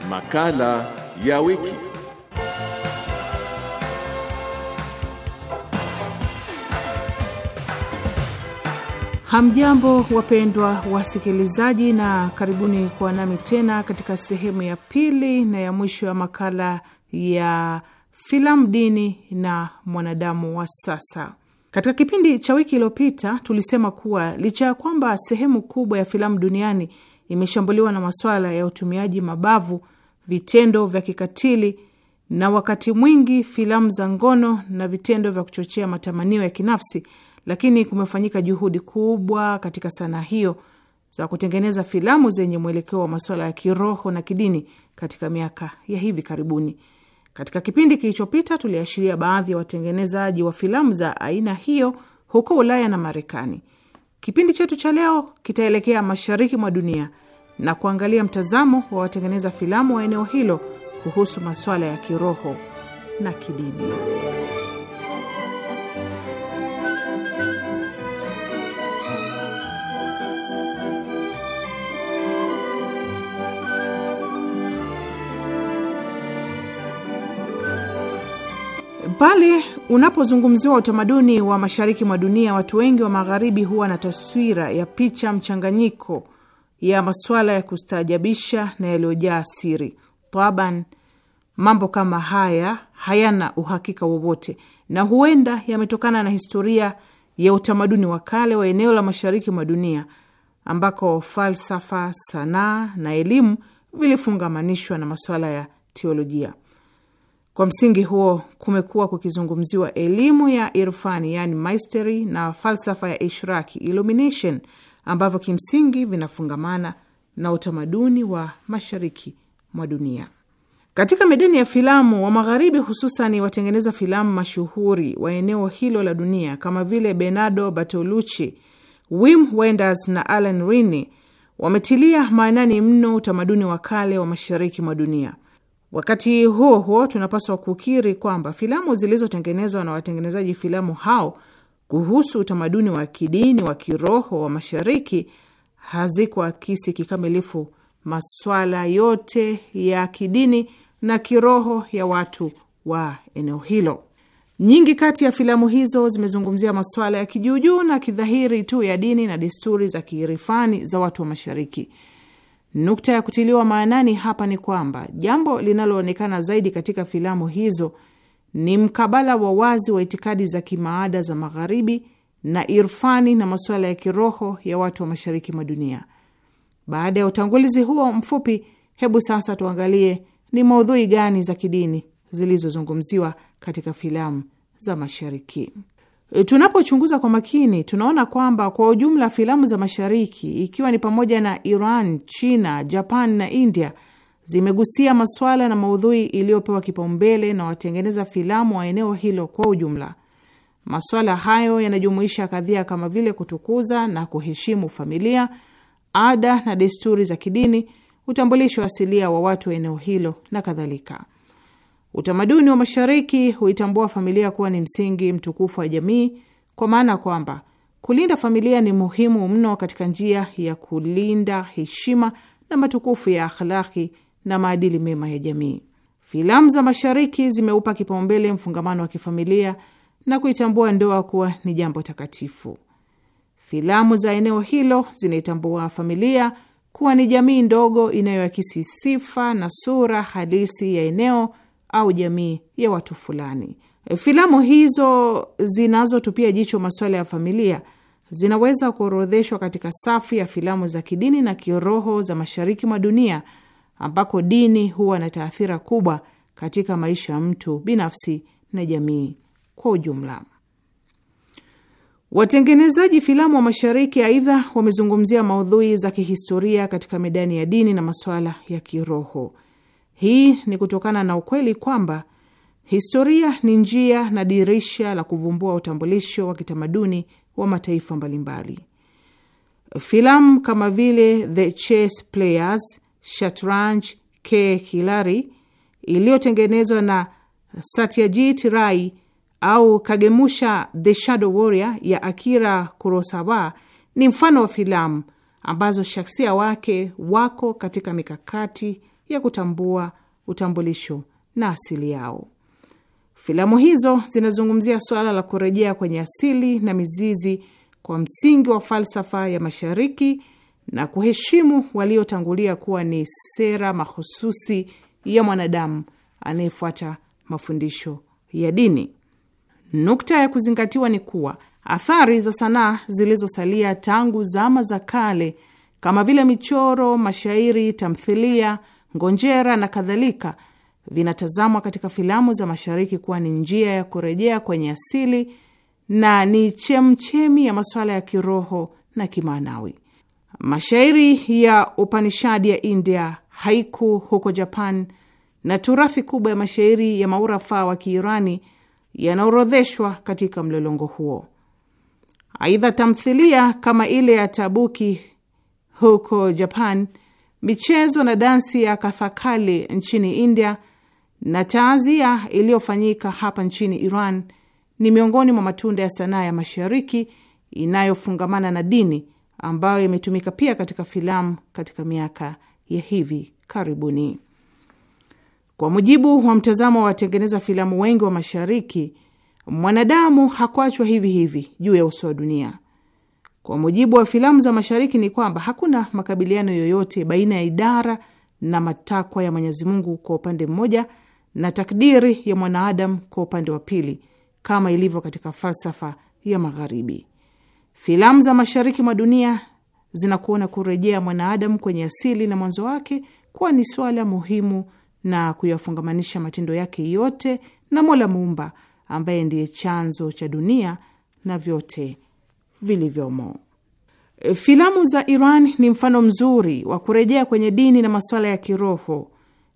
Makala ya wiki. Hamjambo, wapendwa wasikilizaji, na karibuni kuwa nami tena katika sehemu ya pili na ya mwisho ya makala ya filamu, dini na mwanadamu wa sasa. Katika kipindi cha wiki iliyopita, tulisema kuwa licha ya kwamba sehemu kubwa ya filamu duniani imeshambuliwa na masuala ya utumiaji mabavu, vitendo vya kikatili na wakati mwingi filamu za ngono na vitendo vya kuchochea matamanio ya kinafsi lakini kumefanyika juhudi kubwa katika sanaa hiyo za kutengeneza filamu zenye mwelekeo wa masuala ya kiroho na kidini katika miaka ya hivi karibuni. Katika kipindi kilichopita, tuliashiria baadhi ya watengenezaji wa filamu za aina hiyo huko Ulaya na Marekani. Kipindi chetu cha leo kitaelekea mashariki mwa dunia na kuangalia mtazamo wa watengeneza filamu wa eneo hilo kuhusu masuala ya kiroho na kidini. Pale unapozungumziwa utamaduni wa mashariki mwa dunia, watu wengi wa magharibi huwa na taswira ya picha mchanganyiko ya masuala ya kustaajabisha na yaliyojaa siri. Taban, mambo kama haya hayana uhakika wowote na huenda yametokana na historia ya utamaduni wa kale wa eneo la mashariki mwa dunia ambako falsafa, sanaa na elimu vilifungamanishwa na masuala ya teolojia. Kwa msingi huo kumekuwa kukizungumziwa elimu ya irfani, yani maistery na falsafa ya ishraki, illumination, ambavyo kimsingi vinafungamana na utamaduni wa mashariki mwa dunia. Katika medeni ya filamu wa magharibi, hususani watengeneza filamu mashuhuri wa eneo hilo la dunia kama vile Bernardo Bertolucci, Wim Wenders na Alan Rini wametilia maanani mno utamaduni wa kale wa mashariki mwa dunia Wakati huo huo, tunapaswa kukiri kwamba filamu zilizotengenezwa na watengenezaji filamu hao kuhusu utamaduni wa kidini wa kiroho wa Mashariki hazikuakisi kikamilifu maswala yote ya kidini na kiroho ya watu wa eneo hilo. Nyingi kati ya filamu hizo zimezungumzia maswala ya kijuujuu na kidhahiri tu ya dini na desturi za kiirifani za watu wa Mashariki. Nukta ya kutiliwa maanani hapa ni kwamba jambo linaloonekana zaidi katika filamu hizo ni mkabala wa wazi wa itikadi za kimaada za Magharibi na irfani na masuala ya kiroho ya watu wa mashariki mwa dunia. Baada ya utangulizi huo mfupi, hebu sasa tuangalie ni maudhui gani za kidini zilizozungumziwa katika filamu za mashariki. E, tunapochunguza kwa makini, tunaona kwamba kwa ujumla filamu za Mashariki, ikiwa ni pamoja na Iran, China, Japan na India, zimegusia masuala na maudhui iliyopewa kipaumbele na watengeneza filamu wa eneo hilo kwa ujumla. Masuala hayo yanajumuisha kadhia kama vile kutukuza na kuheshimu familia, ada na desturi za kidini, utambulisho asilia wa watu wa eneo hilo na kadhalika. Utamaduni wa Mashariki huitambua familia kuwa ni msingi mtukufu wa jamii, kwa maana kwamba kulinda familia ni muhimu mno katika njia ya kulinda heshima na matukufu ya akhlaki na maadili mema ya jamii. Filamu za Mashariki zimeupa kipaumbele mfungamano wa kifamilia na kuitambua ndoa kuwa ni jambo takatifu. Filamu za eneo hilo zinaitambua familia kuwa ni jamii ndogo inayoakisi sifa na sura halisi ya eneo au jamii ya watu fulani. Filamu hizo zinazotupia jicho masuala ya familia zinaweza kuorodheshwa katika safu ya filamu za kidini na kiroho za mashariki mwa dunia ambako dini huwa na taathira kubwa katika maisha ya mtu binafsi na jamii kwa ujumla. Watengenezaji filamu wa mashariki aidha wamezungumzia maudhui za kihistoria katika medani ya dini na masuala ya kiroho. Hii ni kutokana na ukweli kwamba historia ni njia na dirisha la kuvumbua utambulisho wa kitamaduni wa mataifa mbalimbali. Filamu kama vile The Chess Players, Shatranj k hilari iliyotengenezwa na Satyajit rai au Kagemusha The Shadow Warrior ya Akira Kurosawa ni mfano wa filamu ambazo shaksia wake wako katika mikakati ya kutambua utambulisho na asili yao. Filamu hizo zinazungumzia suala la kurejea kwenye asili na mizizi kwa msingi wa falsafa ya Mashariki na kuheshimu waliotangulia kuwa ni sera mahususi ya mwanadamu anayefuata mafundisho ya dini. Nukta ya kuzingatiwa ni kuwa athari za sanaa zilizosalia tangu zama za kale kama vile michoro, mashairi, tamthilia ngonjera na kadhalika vinatazamwa katika filamu za Mashariki kuwa ni njia ya kurejea kwenye asili na ni chemchemi ya masuala ya kiroho na kimaanawi. Mashairi ya Upanishadi ya India, haiku huko Japan na turathi kubwa ya mashairi ya maurafaa wa Kiirani yanaorodheshwa katika mlolongo huo. Aidha, tamthilia kama ile ya Tabuki huko Japan michezo na dansi ya Kathakali nchini India na taazia iliyofanyika hapa nchini Iran ni miongoni mwa matunda ya sanaa ya Mashariki inayofungamana na dini ambayo imetumika pia katika filamu katika miaka ya hivi karibuni. Kwa mujibu wa mtazamo wa watengeneza filamu wengi wa Mashariki, mwanadamu hakuachwa hivi hivi juu ya uso wa dunia. Kwa mujibu wa filamu za Mashariki ni kwamba hakuna makabiliano yoyote baina ya idara na matakwa ya Mwenyezi Mungu kwa upande mmoja na takdiri ya mwanaadamu kwa upande wa pili, kama ilivyo katika falsafa ya Magharibi. Filamu za mashariki mwa dunia zinakuona kurejea mwanaadamu kwenye asili na mwanzo wake kuwa ni swala muhimu na kuyafungamanisha matendo yake yote na Mola Muumba ambaye ndiye chanzo cha dunia na vyote vilivyomo. E, filamu za Iran ni mfano mzuri wa kurejea kwenye dini na masuala ya kiroho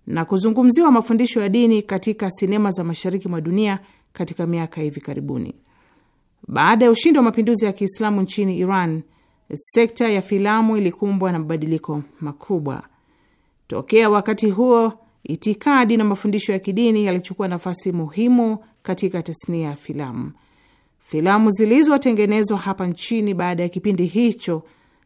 na kuzungumziwa mafundisho ya dini katika sinema za mashariki mwa dunia katika miaka hivi karibuni. Baada ya ushindi wa mapinduzi ya Kiislamu nchini Iran, sekta ya filamu ilikumbwa na mabadiliko makubwa. Tokea wakati huo, itikadi na mafundisho ya kidini yalichukua nafasi muhimu katika tasnia ya filamu. Filamu zilizotengenezwa hapa nchini baada ya kipindi hicho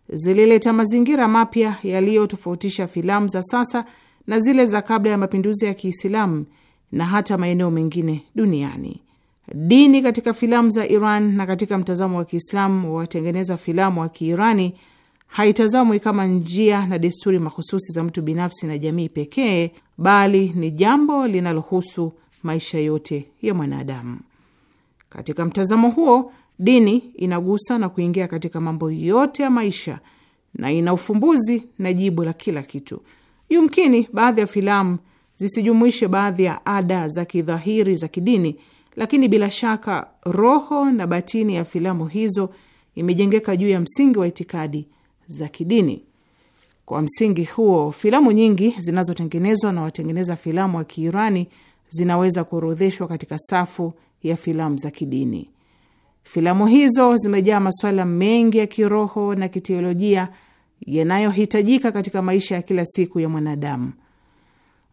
zilileta mazingira mapya yaliyotofautisha filamu za sasa na zile za kabla ya mapinduzi ya Kiislamu na hata maeneo mengine duniani. Dini katika filamu za Iran na katika mtazamo wa Kiislamu wa watengeneza filamu wa Kiirani haitazamwi kama njia na desturi mahususi za mtu binafsi na jamii pekee, bali ni jambo linalohusu maisha yote ya mwanadamu. Katika mtazamo huo, dini inagusa na kuingia katika mambo yote ya maisha na ina ufumbuzi na jibu la kila kitu. Yumkini baadhi ya filamu zisijumuishe baadhi ya ada za kidhahiri za kidini, lakini bila shaka roho na batini ya filamu hizo imejengeka juu ya msingi wa itikadi za kidini. Kwa msingi huo, filamu nyingi zinazotengenezwa na watengeneza filamu wa Kiirani zinaweza kuorodheshwa katika safu ya filamu za kidini. Filamu hizo zimejaa masuala mengi ya kiroho na kiteolojia yanayohitajika katika maisha ya kila siku ya mwanadamu.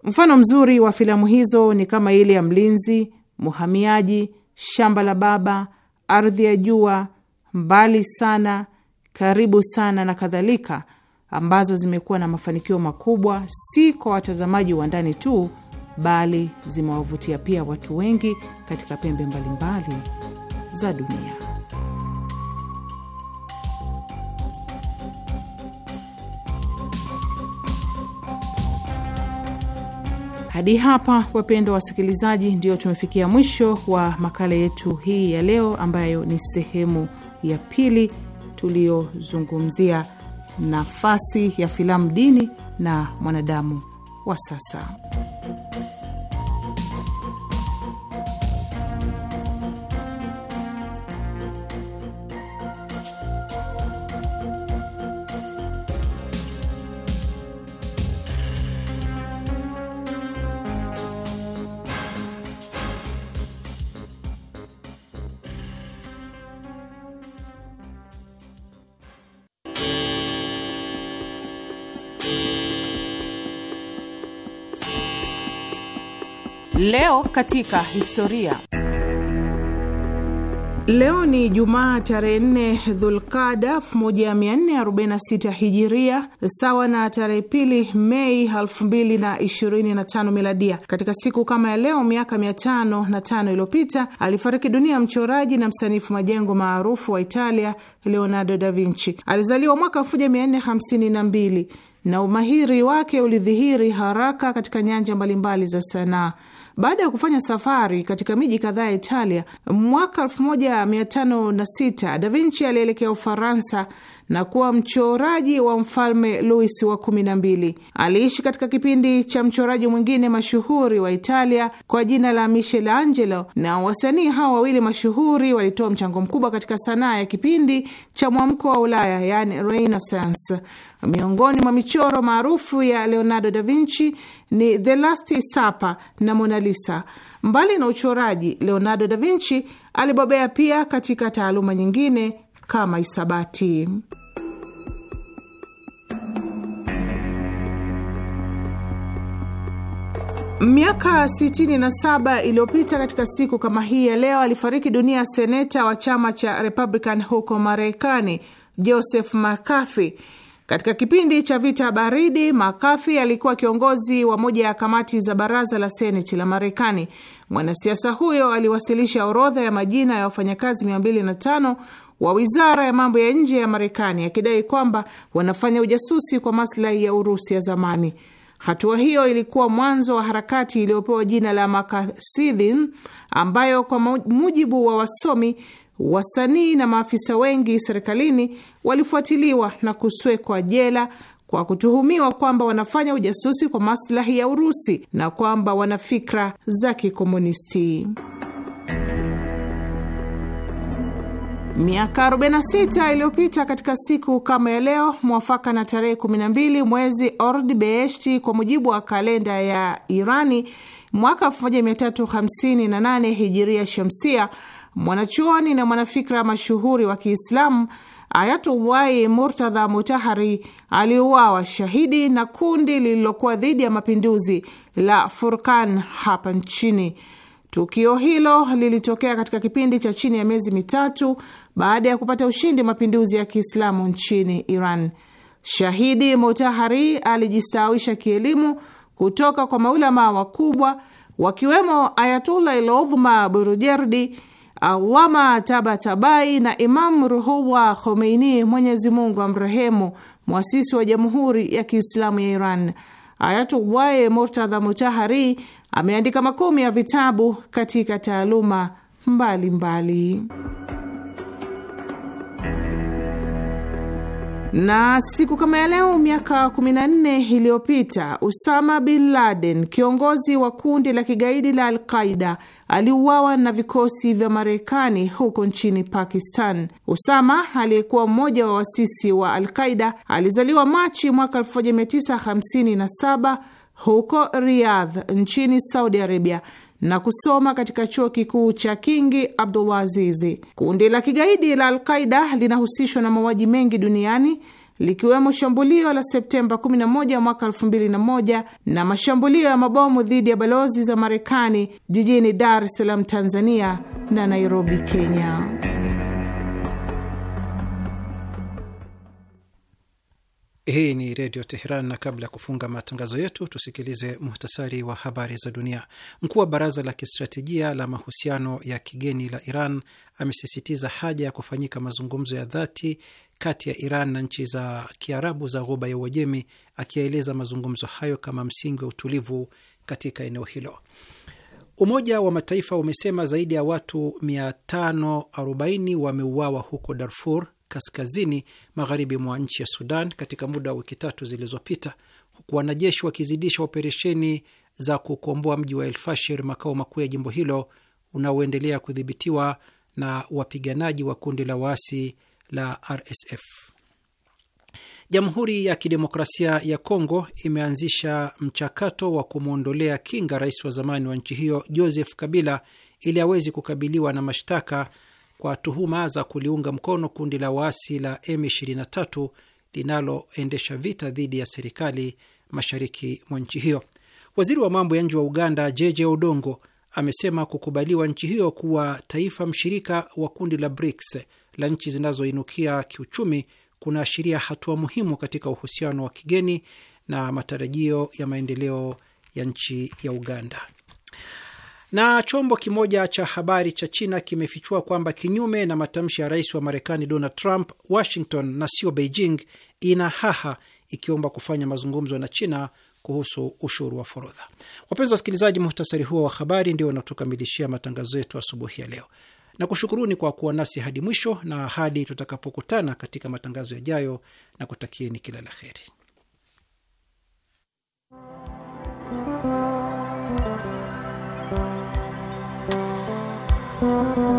Mfano mzuri wa filamu hizo ni kama ile ya Mlinzi, Mhamiaji, Shamba la Baba, Ardhi ya Jua, Mbali Sana, Karibu Sana na kadhalika, ambazo zimekuwa na mafanikio makubwa si kwa watazamaji wa ndani tu bali zimewavutia pia watu wengi katika pembe mbalimbali za dunia. Hadi hapa wapendwa wasikilizaji, ndio tumefikia mwisho wa makala yetu hii ya leo, ambayo ni sehemu ya pili tuliyozungumzia nafasi ya filamu, dini na mwanadamu wa sasa. Leo katika historia. Leo ni Jumaa tarehe 4 Dhulqada 1446 Hijiria, sawa na tarehe pili Mei 2025 Miladia. Katika siku kama ya leo miaka 505 iliyopita alifariki dunia mchoraji na msanifu majengo maarufu wa Italia Leonardo da Vinci. Alizaliwa mwaka 1452 na umahiri wake ulidhihiri haraka katika nyanja mbalimbali za sanaa. Baada ya kufanya safari katika miji kadhaa ya Italia, mwaka 1506 Da Vinci alielekea Ufaransa na kuwa mchoraji wa mfalme Louis wa kumi na mbili. Aliishi katika kipindi cha mchoraji mwingine mashuhuri wa Italia kwa jina la Michelangelo, na wasanii hawa wawili mashuhuri walitoa mchango mkubwa katika sanaa ya kipindi cha mwamko wa Ulaya, yani Renaissance. Miongoni mwa michoro maarufu ya Leonardo da Vinci ni The Last Supper na Mona Lisa. Mbali na uchoraji, Leonardo da Vinci alibobea pia katika taaluma nyingine kama hisabati. Miaka 67 iliyopita katika siku kama hii ya leo alifariki dunia seneta wa chama cha Republican huko Marekani, Joseph McCarthy. Katika kipindi cha vita baridi, McCarthy alikuwa kiongozi wa moja ya kamati za baraza la seneti la Marekani. Mwanasiasa huyo aliwasilisha orodha ya majina ya wafanyakazi 205 wa wizara ya mambo ya nje ya Marekani akidai kwamba wanafanya ujasusi kwa maslahi ya Urusi ya zamani. Hatua hiyo ilikuwa mwanzo wa harakati iliyopewa jina la Makasidhin, ambayo kwa mujibu wa wasomi, wasanii na maafisa wengi serikalini walifuatiliwa na kuswekwa jela kwa kutuhumiwa kwamba wanafanya ujasusi kwa maslahi ya Urusi na kwamba wana fikra za kikomunisti. Miaka 46 iliyopita katika siku kama ya leo, mwafaka na tarehe 12 mwezi ord Ordibeheshti kwa mujibu wa kalenda ya Irani, mwaka 1358 hijiria shamsia, mwanachuoni na mwanafikra mashuhuri wa Kiislamu Ayatullahi Murtadha Mutahari aliuawa shahidi na kundi lililokuwa dhidi ya mapinduzi la Furkan hapa nchini. Tukio hilo lilitokea katika kipindi cha chini ya miezi mitatu baada ya kupata ushindi mapinduzi ya Kiislamu nchini Iran. Shahidi Motahari alijistawisha kielimu kutoka kwa maulamaa wakubwa wakiwemo Ayatullah Ilodhma Burujerdi, Allama Tabatabai na Imam Ruhullah Khomeini, Mwenyezi Mungu amrehemu, mwasisi wa Jamhuri ya Kiislamu ya Iran. Ayatullah Murtadha Mutahari ameandika makumi ya vitabu katika taaluma mbalimbali mbali. Na siku kama ya leo miaka 14 iliyopita Usama bin Laden, kiongozi wa kundi la kigaidi la Alqaida, aliuawa na vikosi vya Marekani huko nchini Pakistan. Usama aliyekuwa mmoja wa wasisi wa Alqaida alizaliwa Machi mwaka 1957 huko Riyadh nchini Saudi Arabia na kusoma katika chuo kikuu cha Kingi Abdullah Azizi. Kundi la kigaidi la Alqaida linahusishwa na mauaji mengi duniani likiwemo shambulio la Septemba 11 mwaka 2001 na mashambulio ya mabomu dhidi ya balozi za Marekani jijini Dar es Salaam, Tanzania na Nairobi, Kenya. Hii ni Redio Teheran, na kabla ya kufunga matangazo yetu tusikilize muhtasari wa habari za dunia. Mkuu wa Baraza la Kistratejia la Mahusiano ya Kigeni la Iran amesisitiza haja ya kufanyika mazungumzo ya dhati kati ya Iran na nchi za Kiarabu za Ghuba ya Uajemi, akiyaeleza mazungumzo hayo kama msingi wa utulivu katika eneo hilo. Umoja wa Mataifa umesema zaidi ya watu 540 wameuawa huko Darfur kaskazini magharibi mwa nchi ya Sudan katika muda wa wiki tatu zilizopita, huku wanajeshi wakizidisha operesheni za kukomboa mji wa elfashir makao makuu ya jimbo hilo unaoendelea kudhibitiwa na wapiganaji wa kundi la waasi la RSF. Jamhuri ya Kidemokrasia ya Kongo imeanzisha mchakato wa kumwondolea kinga rais wa zamani wa nchi hiyo Joseph Kabila ili awezi kukabiliwa na mashtaka kwa tuhuma za kuliunga mkono kundi la waasi la M23 linaloendesha vita dhidi ya serikali mashariki mwa nchi hiyo. Waziri wa mambo ya nje wa Uganda JJ Odongo amesema kukubaliwa nchi hiyo kuwa taifa mshirika wa kundi la BRICS la nchi zinazoinukia kiuchumi kunaashiria hatua muhimu katika uhusiano wa kigeni na matarajio ya maendeleo ya nchi ya Uganda. Na chombo kimoja cha habari cha China kimefichua kwamba kinyume na matamshi ya rais wa Marekani Donald Trump, Washington na sio Beijing ina haha ikiomba kufanya mazungumzo na China kuhusu ushuru wa forodha. Wapenzi wasikilizaji, muhtasari huo wa habari ndio wanatukamilishia matangazo yetu asubuhi ya leo. Nakushukuruni kwa kuwa nasi hadi mwisho na hadi tutakapokutana katika matangazo yajayo, na kutakieni kila la heri. Thank you.